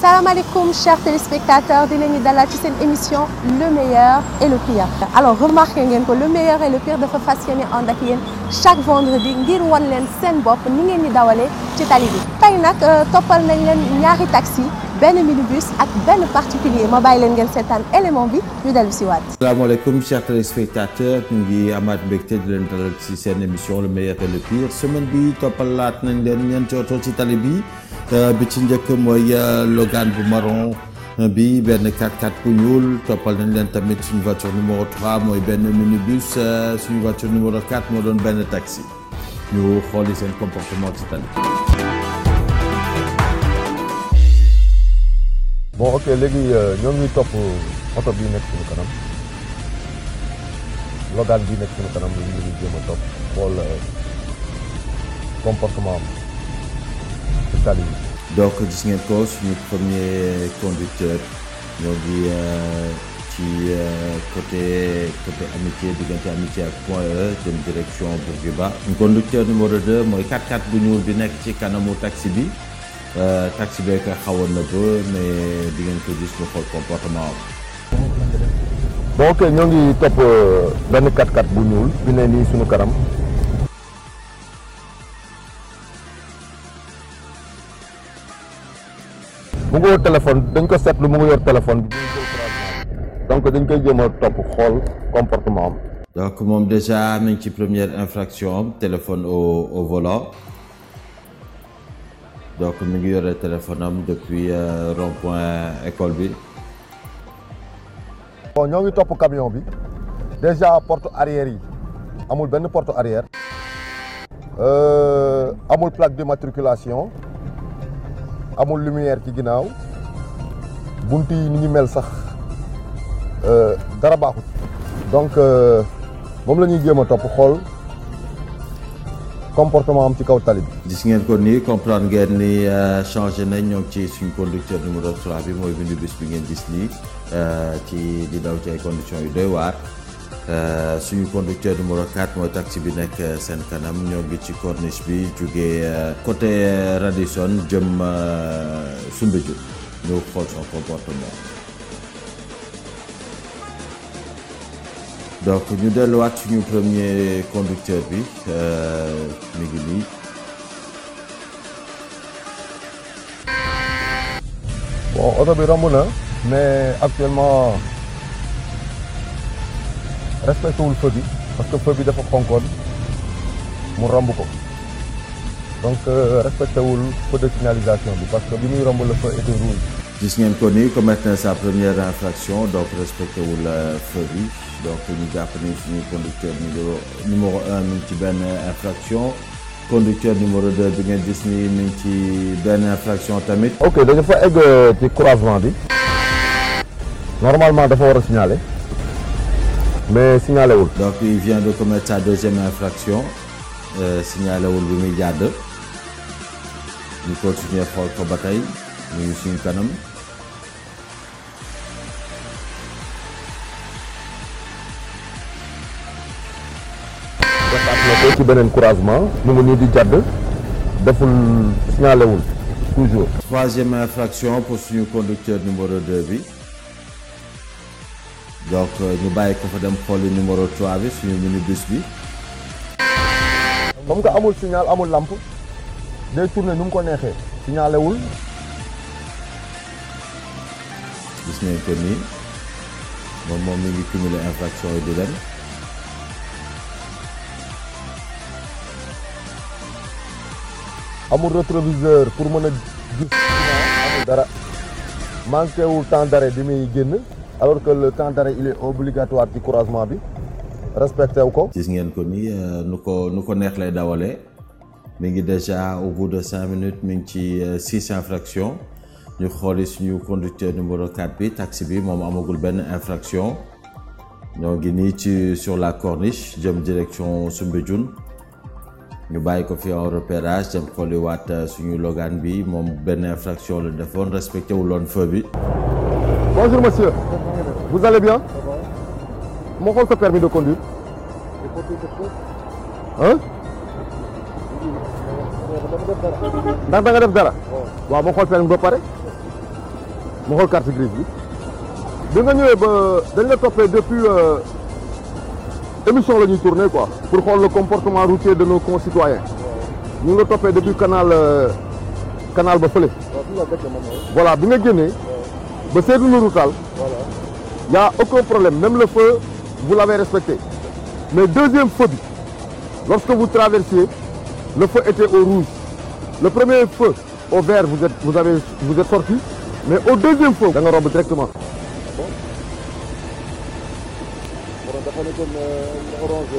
salaamaaleykum chers téléspectateurs di leen ñu ci seen émission le meilleur et le pire alors remarqué ngeen ko le meilleur et le pire dafa fas yéene ak yéen chaque vendredi ngir wan leen seen bopp ni ngeen di ci tali bi euh, toppal nañ leen ñaari taxi benn minibus ak benn particulier ma bàyyi leen ngeen seetaan élément bi ñu dellu si waat. salaamaaleykum chers téléspectateurs ñu ngi amaat mbégte di leen dalal ci seen émission le meilleur et le pire semaine bi toppalaat nañ tali bi. bi ci njëkk mooy euh, Logan bu marron euh, bi benn 4x4 bu ñuul toppal nañ leen tamit suñu voiture numéro 3 mooy benn minibus euh, suñu voiture numéro 4 moo doon benn taxi ñu xooli seen comportement ci tali. bon ok léegi ñoo ngi topp oto bi tali bi. donc gis ngeen ko suñu premier conducteur ñoo ngi ci côté côté amitié diggante amitié ak point E jëm direction Bourguiba. conducteur numéro 2 mooy 4 x bu ñuul bi nekk ci kanamu taxi bi euh, taxi bee ko xawoon na ba mais di ngeen ko gis ñu xool comportement am. bon ok ñoo ngi topp euh, benn 4 x bu ñuul bi ne nii suñu kanam. mu ngi woo téléphone dañ ko seetlu mu ngi yor téléphone bi donc dañ koy jéem topp xool comportement donc moom déjà nañ ci première infraction téléphone au au volant donc mu ngi yore téléphone am depuis euh, rond-point école bi. bon ñoo ngi topp camion bi déjà porte arrière yi amul benn porte arrière euh, amul plaque matriculation amul lumière ci ginnaaw bunt yi ni ñu mel sax euh, dara baaxut donc euh, moom la ñuy jéem a topp xool comportement am ci kaw tali bi. gis ngeen ko nii comprendre ngeen ni euh, changé nañ ñoom ci suñ conducteur numéro 3 bi mooy bindu bis bi ngeen gis nii ci di daw ci ay conditions yi doy waar. Euh, suñu conducteur numéro 4 mooy taxi bi nekk euh, seen kanam ñoo ngi ci corniche bi jógee euh, côté Radisson jëm Soumbédioune ñu xool son comportement. donc ñu delluwaat suñu premier conducteur bi mi ngi nii. bon oto bi romb mais actuellement. respecté wul feu parce que feu bi dafa xonkoon mu romb ko donc euh, respecté wul feu de signalisation bi parce que bi muy romb la feu était rouge. gis ngeen ko ni commettre na sa première infraction donc respecté wul euh, feu bi donc ñu jàpp ni suñu conducteur numéro numéro un mi ngi ci benn infraction conducteur numéro deux bi nga gis ni mi ci benn infraction tamit. ok dañu fa egg euh, ci croisement bi normalement dafa war a signaler. mais signalé wul. donc il vient de commettre sa deuxième infraction euh, signalé wul bi muy jàdd ñu continuer xool ko ba tey ñu ngi suñu kanam. ko ci beneen croisement mu ngi nii di jàdd deful signalé wul toujours. troisième infraction pour suñu conducteur numéro 2 bi. donc euh, ñu bàyyi ko fa dem xooli numéro 3 bi suñu minibus bi. comme que amul signal amul làmp day tourner nu mu ko neexee signalé wul. gis nañ ko nii moom moom mi ngi cumulé infraction yi di dem. amul rétroviseur pour mën a gis. amul dara manqué wul temps d'arrêt bi muy génn. alors que le temps d'arrêt il est obligatoire ci croisement bi respecté wu ko. gis ngeen ko ni euh, nu ko nu ko neex lay dawale mi ngi déjà au bout de minutes mi ngi ci euh, six infractions ñu xooli suñu conducteur numéro 4 bi taxi bi moom amagul benn infraction ñoo ngi nii ci sur la corniche jëm direction Soumbédioune ñu bàyyi ko fi en repérage dem xooli waat euh, suñu logaan bi moom benn infraction la defoon respecté wu loon feu bi. vous allez bien. moo xool sa permis de conduire. ah. ndax danga nga def dara. waaw moo xool permis ba pare. moo xool carte grise bi. bi ñëwee ba dañ la toppee depuis euh, émission la ñuy tourner quoi. pour xool le comportement routier de nos concitoyens. ñu la toppee depuis canal euh, canal ba fële. voilà bi nga génnee. ba Seydou Nourou Tall. Il aucun problème. Même le feu, vous l'avez respecté. Mais deuxième feu, lorsque vous traversiez, le feu était au rouge. Le premier feu, au vert, vous êtes, vous avez, vous êtes sorti. Mais au deuxième feu, dans la robe directement.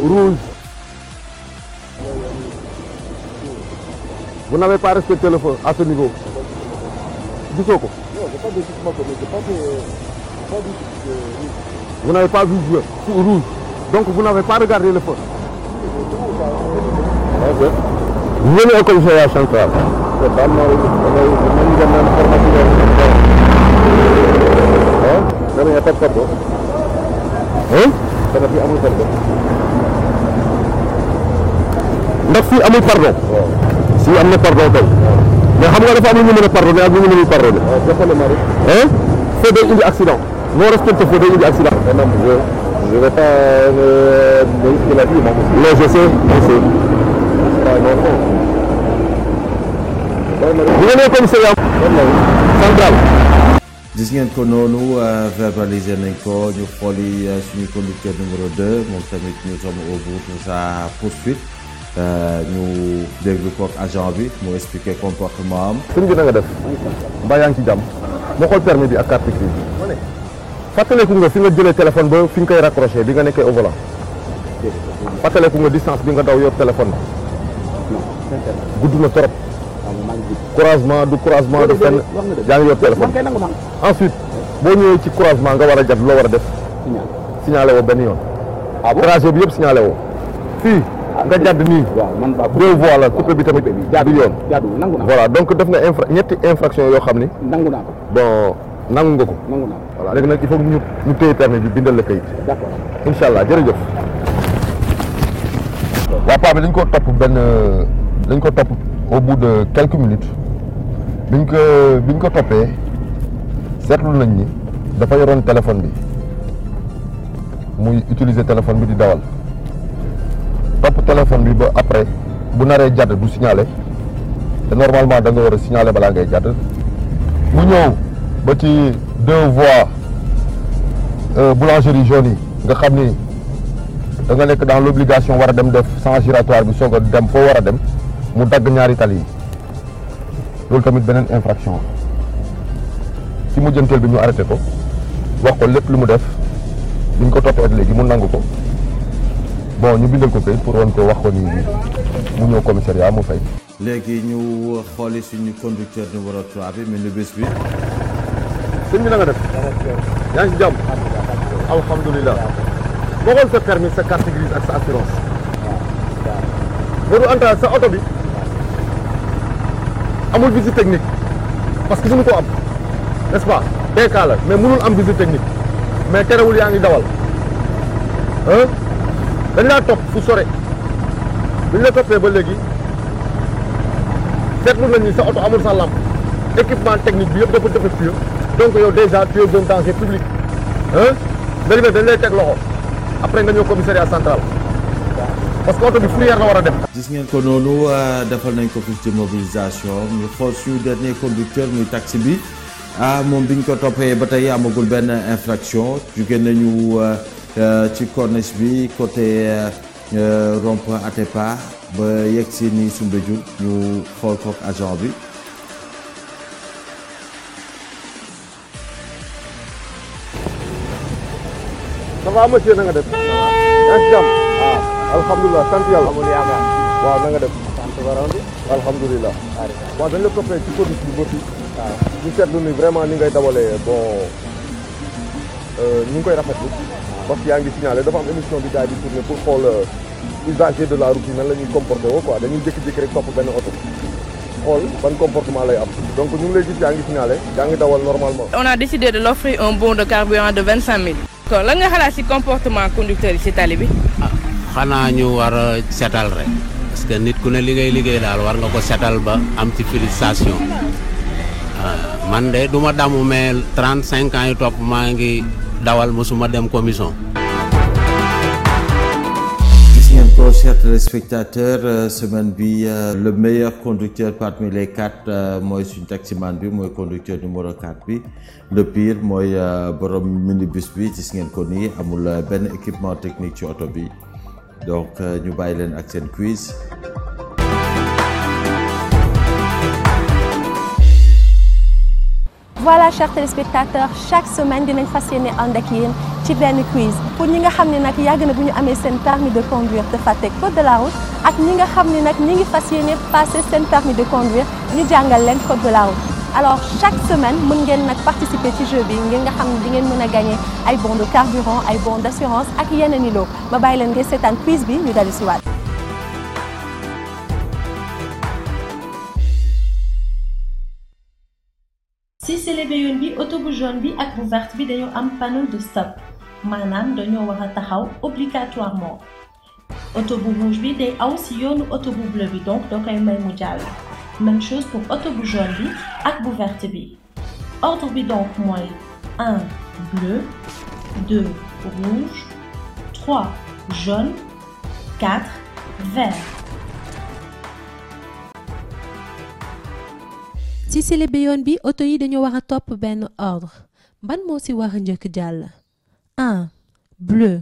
Rouge. Vous n'avez pas respecté le feu à ce niveau. Du Vous n'avez pas vu jouer sous rouge. Donc vous n'avez pas regardé le poste. Vous venez au commissariat central. ndax fii amul pardon. si am na pardon tey. mais xam nga dafa am lu ñu mën a pardonné ak lu ñu mënul pardonné. waaw jàppale ma rek. indi accident. non respecté feu day indi accident. non je je vais pas euh, risquer la vie moi aussi. non je sais je sais. bu ngeen nee commissariat. central. gis ngeen ko noonu euh, verbaliser nañ ko ñu xooli euh, suñu conducteur numéro 2 moom tamit ñu sommes au bout de sa poursuite euh, ñu déglu ko ak agent bi mu expliquer comportement am. sëñ bi na nga def. mbaa yaa ngi ci jàmm. moo xool permis bi ak carte grise bi. fàttaleku nga fi nga jëlee téléphone ba fi nga koy raccroché bi nga nekkee au volant fàttaleku nga distance bi nga daw yor téléphone bi gudd na trop croisement du croisement de fenn yaa ngi yor téléphone ensuite boo ñëwee ci croisement nga war a jat loo war a def signalé woo benn yoon ah trajet bi yëpp signalé woo fii ah, nga jàdd nii deux voies la coupé bi tamit du yoon voilà donc def nga infra ñetti infraction yoo xam ni bon nangu nga ko. nangu naa ko léegi nag il faut ñu ñu téye permis bi bindal la jërëjëf. waa paa bi dañ koo topp benn dañ ko topp au bout de quelques minutes biñ ko biñ ko toppee seetlu nañ ni dafa yoroon téléphone bi muy utiliser téléphone bi di dawal topp téléphone bi ba après bu naree jàdd du signaler te normalement da nga war a signaler balaa ngay jàdd mu ñëw. ba ci deux voies euh, boulangerie jaune yi nga xam ni danga nekk dans l' obligation war a dem def sens bi soog a dem foo war a dem mu dagg ñaari tali yi loolu tamit beneen infraction ci mujjanteel bi ñu arrêté ko wax ko lépp lu mu def bi ñu ko toppee ak léegi mu nangu ko bon ñu bindal ko kay pour woon ko wax ko nii mu ñëw commissariat mu fay. léegi ñu xooli suñu conducteur numéro 3 bi mel ni bis bi. sëñ bi na nga def yaa ngi si jàmm alhamdulilah boo xool sa permis sa carte grise ak sa assurance Modou Anta sa oto bi amul visite technique parce que suñu ko am n'est-ce pas DK la mais mënul am visite technique mais terewul yaa ngi dawal dañ laa topp fu sore bi ñu toppee ba léegi seetlu nañ ni sa oto amul sa lampe équipement technique bi yëpp dafa defectueux donc yow déjà tu es zone danger public ah nga demee dañ lay teg loxo après nga ñëw commissariat central. parce que oto bi fourrière la war a dem. gis ngeen ko noonu euh, defal nañ ko fii ci mobilisation ñu xool suñu dernier conducteur muy taxi bi ah moom bi ñu ko toppee ba tey amagul benn infraction jugee nañu euh, euh, ci corniche bi côté rond-point Atépa ba yegg si ni Soumbédioune ñu xool kook agent bi. ça va monsieur na nga def. yaa ngi ci jàmm. waaw ah, alhamdulilah sant yàlla. waaw na nga def. sant borom bi. alhamdulilah. waaw dañ la toppee ci produit bi ba fii. Ah. waaw ñu seetlu ni vraiment ni ngay dawalee bon euh, ñu ngi koy rafetlu. parce que yaa ngi signalé dafa am émission bi gars yi di tourné pour xool euh, usager de la route yi nan la ñuy comporté woo quoi dañuy jékki-jékki rek topp benn oto. xool ban comportement lay am donc ñu ngi lay gis yaa ngi signalé yaa ngi dawal normalement. on a décidé de l'offrir un bon de carburant de vingt accord lan nga xalaat ci comportement conducteur yi ci tali bi. Ah, xanaa ñu war a setal rek parce que nit ku ne liggéey liggéey daal war nga ko setal ba am ci félicitation ah, man de du ma damu mais 35 ans yu topp maa ngi dawal mosuma dem commission. ko chers téléspectateurs euh, semaine bi euh, le meilleur conducteur parmi les quatre euh, mooy suñu taximan bi mooy conducteur numéro 4 bi le pire mooy borom minibus bi gis ngeen ko nii amul benn équipement technique ci oto bi donc ñu bàyyi leen ak seen quiz voilà chers téléspectateurs chaque semaine dinañ fas yéene ànd ak yéen ci benn quiz pour ñi nga xam ne nag yàgg na bu ñu amee seen permis de conduire te fàtte code de la route ak ñi nga xam ne nag ñi ngi fas yéene passé seen permis de conduire ñu jàngal leen code de la route alors chaque semaine mën ngeen nag participer ci jeu bi ngeen xam ne di ngeen mën a gagné ay bons de carburant ay bons d' assurance ak yeneen i loo ma bàyyi leen nga seetaan quiz bi ñu dali si sixeele ba yoon bi auto bu jaune bi ak bu verte bi dañoo am panneau de stop maanaam dañoo war a taxaw obligatoirement auto bu rouge bi day aw ci yoonu auto bu bleu bi donc doo koy may mu jàll même chose pour auto jaune bi ak bu verte bi ordre bi donc mooy 1 bleu 2 rouge 3 jaune 4 vert ci silibé yoon bi oto yi dañu war a topp benn ordre ban moo ci war a njëkk jàll 1 bleu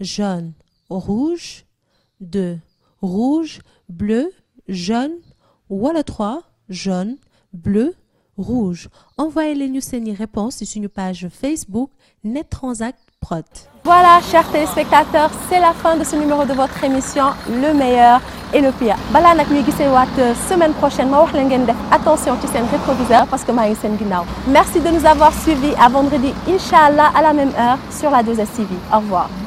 jaune rouge 2 rouge bleu jaune wala 3 jaune bleu rouge envoyez leen ñu seeni réponse ci suñu page Facebook Net Transact Prod. Voilà, chers téléspectateurs, c'est la fin de ce numéro de votre émission Le meilleur et le pire. balaa nag ñuy gisee waat euh, semaine prochaine ma wax la ngeen def attention ci seen parce que maa ngi seen ginnaaw. merci de nous avoir suivis à vendredi incha allah à la même heure sur la 2STV. revoir.